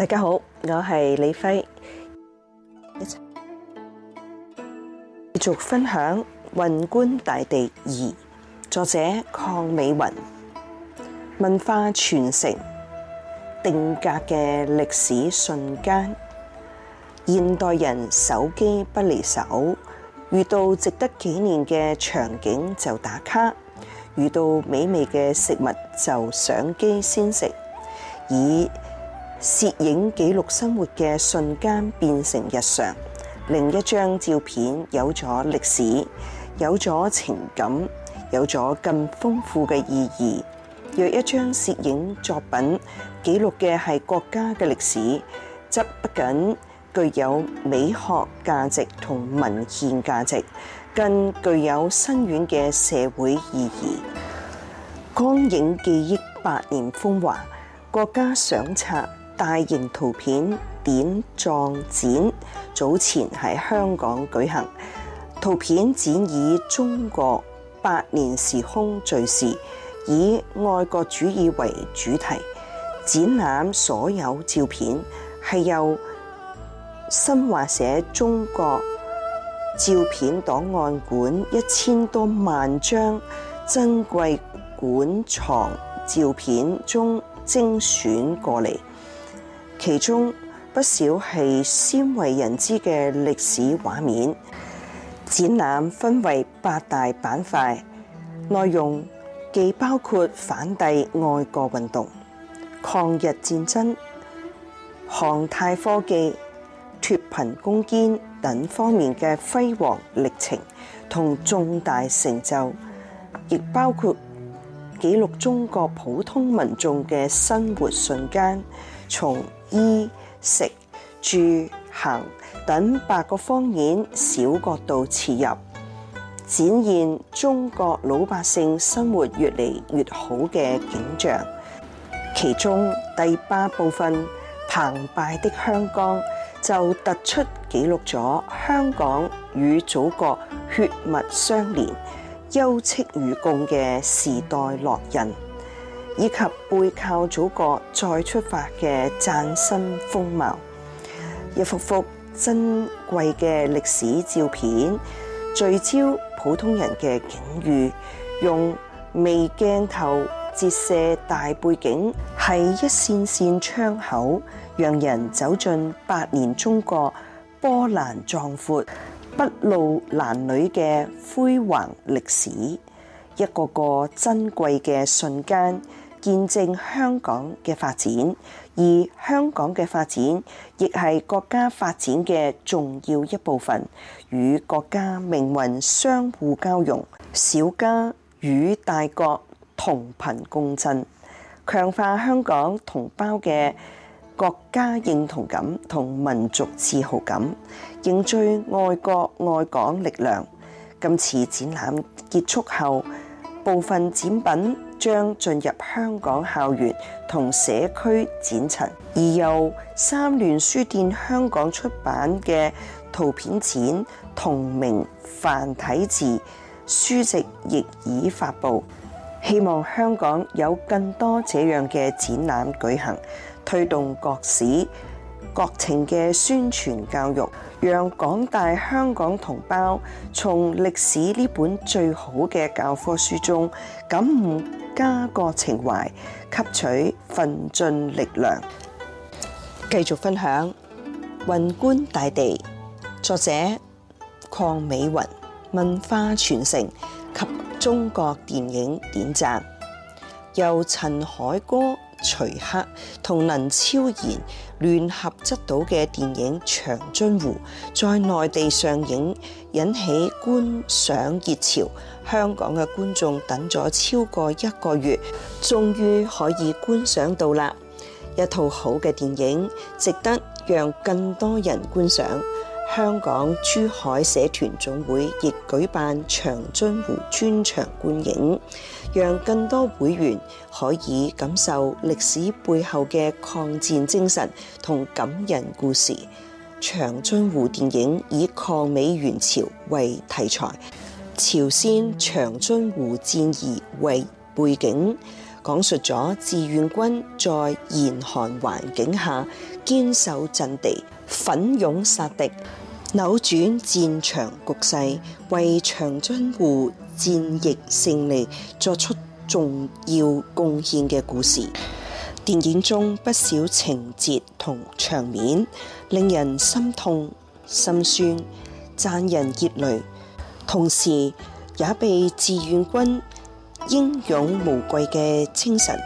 大家好，我係李輝，一齊繼續分享《雲觀大地二》，作者鄺美雲。文化傳承定格嘅歷史瞬間，現代人手機不離手，遇到值得紀念嘅場景就打卡，遇到美味嘅食物就相機先食，以攝影記錄生活嘅瞬間變成日常，另一張照片有咗歷史，有咗情感，有咗更豐富嘅意義。若一張攝影作品記錄嘅係國家嘅歷史，則不僅具有美學價值同文獻價值，更具有深遠嘅社會意義。光影記憶百年風華，國家相冊，大型圖片典藏展早前喺香港舉行。圖片展以中國百年時空敘事，以愛國主義為主題。展覽所有照片係由新華社中國照片檔案館一千多萬張珍貴館藏照片中精選過嚟。其中不少係鮮為人知嘅歷史畫面。展覽分為八大板塊，內容既包括反帝愛國運動、抗日戰爭、航太科技、脫貧攻堅等方面嘅輝煌歷程同重大成就，亦包括記錄中國普通民眾嘅生活瞬間。從衣食住行等八個方面小角度切入，展現中國老百姓生活越嚟越好嘅景象。其中第八部分《澎湃的香港》就突出記錄咗香港與祖國血脈相連、休戚與共嘅時代烙印，以及背靠祖國再出發嘅嶄新風貌，一幅幅珍貴嘅歷史照片，聚焦普通人嘅境遇，用微鏡頭折射大背景，係一扇扇窗口，讓人走進百年中國波瀾壯闊、不露男女嘅輝煌歷史，一個個珍貴嘅瞬間。見證香港嘅發展，而香港嘅發展亦係國家發展嘅重要一部分，與國家命運相互交融，小家與大國同頻共振，強化香港同胞嘅國家認同感同民族自豪感，凝聚愛國愛港力量。今次展覽結束後，部分展品。將進入香港校園同社區展陳，而由三聯書店香港出版嘅圖片展同名繁體字書籍亦已發佈。希望香港有更多這樣嘅展覽舉行，推動各市。國情嘅宣傳教育，讓廣大香港同胞從歷史呢本最好嘅教科書中感悟家國情懷，吸取奮進力量。繼續分享《雲觀大地》，作者鄺美雲，文化傳承及中國電影點讚，由陳海歌。徐克同林超賢聯合執導嘅電影《長津湖》在內地上映，引起觀賞熱潮。香港嘅觀眾等咗超過一個月，終於可以觀賞到啦！一套好嘅電影，值得讓更多人觀賞。香港珠海社團總會亦舉辦《長津湖》專場觀影，讓更多會員可以感受歷史背後嘅抗戰精神同感人故事。《長津湖》電影以抗美援朝為題材，朝鮮長津湖戰役為背景，講述咗志願軍在嚴寒環境下堅守陣地，奮勇殺敵，扭轉戰場局勢，為長津湖戰役勝利作出重要貢獻嘅故事。電影中不少情節同場面令人心痛心酸，潸人熱淚，同時也被志願軍英勇無畏嘅精神、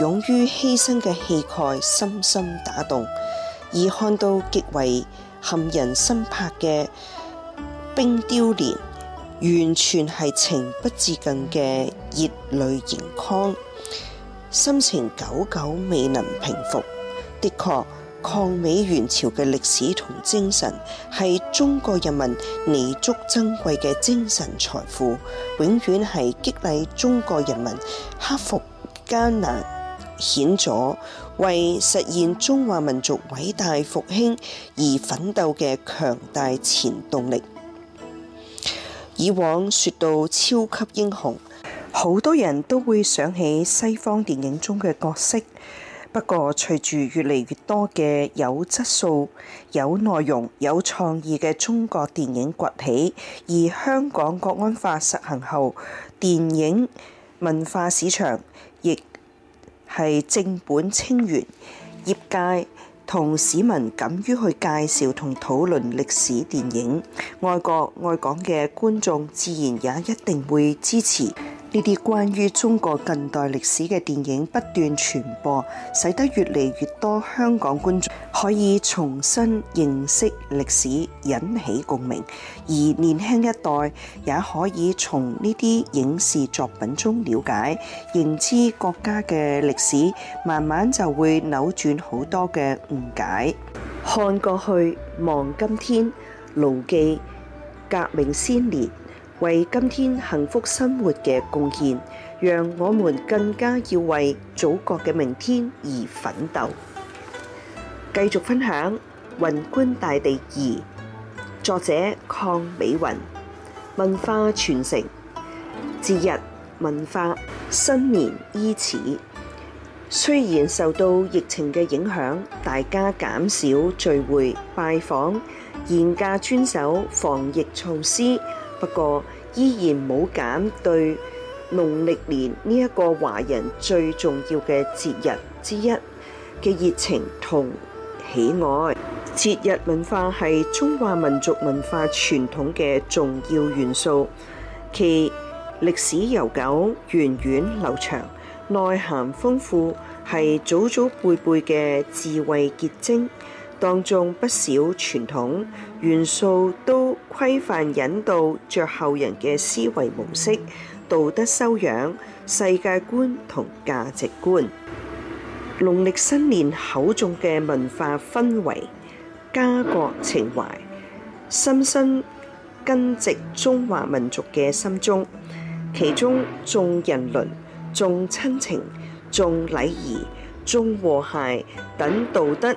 勇於犧牲嘅氣概深深打動，以看到極為。撼人心魄嘅冰雕連，完全係情不自禁嘅熱淚盈眶，心情久久未能平復。的確，抗美援朝嘅歷史同精神係中國人民彌足珍貴嘅精神財富，永遠係激勵中國人民克服艱難。顯咗為實現中華民族偉大復興而奮鬥嘅強大前動力。以往說到超級英雄，好多人都會想起西方電影中嘅角色。不過隨住越嚟越多嘅有質素、有內容、有創意嘅中國電影崛起，而香港國安法實行後，電影文化市場亦。係正本清源，業界同市民敢於去介紹同討論歷史電影，愛國愛港嘅觀眾自然也一定會支持。呢啲關於中國近代歷史嘅電影不斷傳播，使得越嚟越多香港觀眾可以重新認識歷史，引起共鳴。而年輕一代也可以從呢啲影視作品中了解、認知國家嘅歷史，慢慢就會扭轉好多嘅誤解。看過去，望今天，牢記革命先烈。為今天幸福生活嘅貢獻，讓我們更加要為祖國嘅明天而奮鬥。繼續分享《雲觀大地二》，作者鄺美雲。文化傳承，節日文化，新年伊始，雖然受到疫情嘅影響，大家減少聚會、拜訪，嚴格遵守防疫措施。不過，依然冇減對農曆年呢一個華人最重要嘅節日之一嘅熱情同喜愛。節日文化係中華民族文化傳統嘅重要元素，其歷史悠久、源遠流長、內涵豐富，係祖祖輩輩嘅智慧結晶。當中不少傳統元素都規範引導著後人嘅思維模式、道德修養、世界觀同價值觀。農曆新年厚重嘅文化氛圍、家國情懷，深深根植中華民族嘅心中。其中重人倫、重親情、重禮儀、重和諧等道德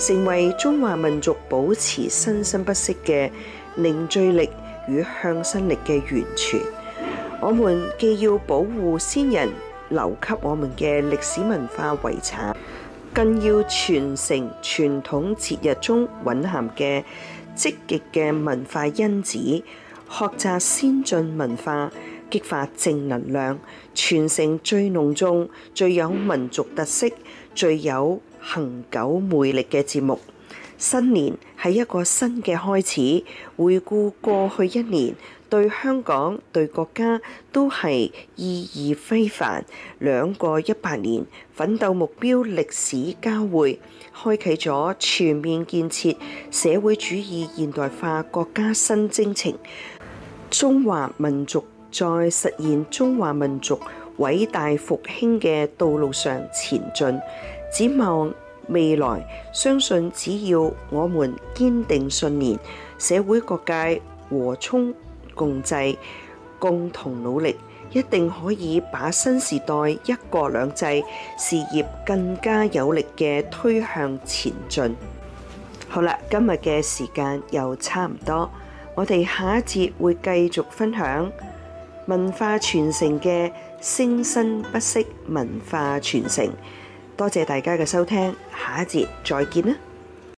成為中華民族保持生生不息嘅凝聚力與向心力嘅源泉。我們既要保護先人留給我們嘅歷史文化遺產，更要傳承傳統節日中蘊含嘅積極嘅文化因子，學習先進文化，激發正能量，傳承最濃重、最有民族特色、最有。恒久魅力嘅節目，新年係一個新嘅開始。回顧過去一年，對香港、對國家都係意義非凡。兩個一百年奮鬥目標歷史交匯，開啟咗全面建設社會主義現代化國家新征程。中華民族在實現中華民族偉大復興嘅道路上前進。展望未來，相信只要我們堅定信念，社會各界和衷共濟，共同努力，一定可以把新時代一國兩制事業更加有力嘅推向前進。好啦，今日嘅時間又差唔多，我哋下一節會繼續分享文化傳承嘅生生不息文化傳承。多謝大家嘅收聽，下一節再見啦！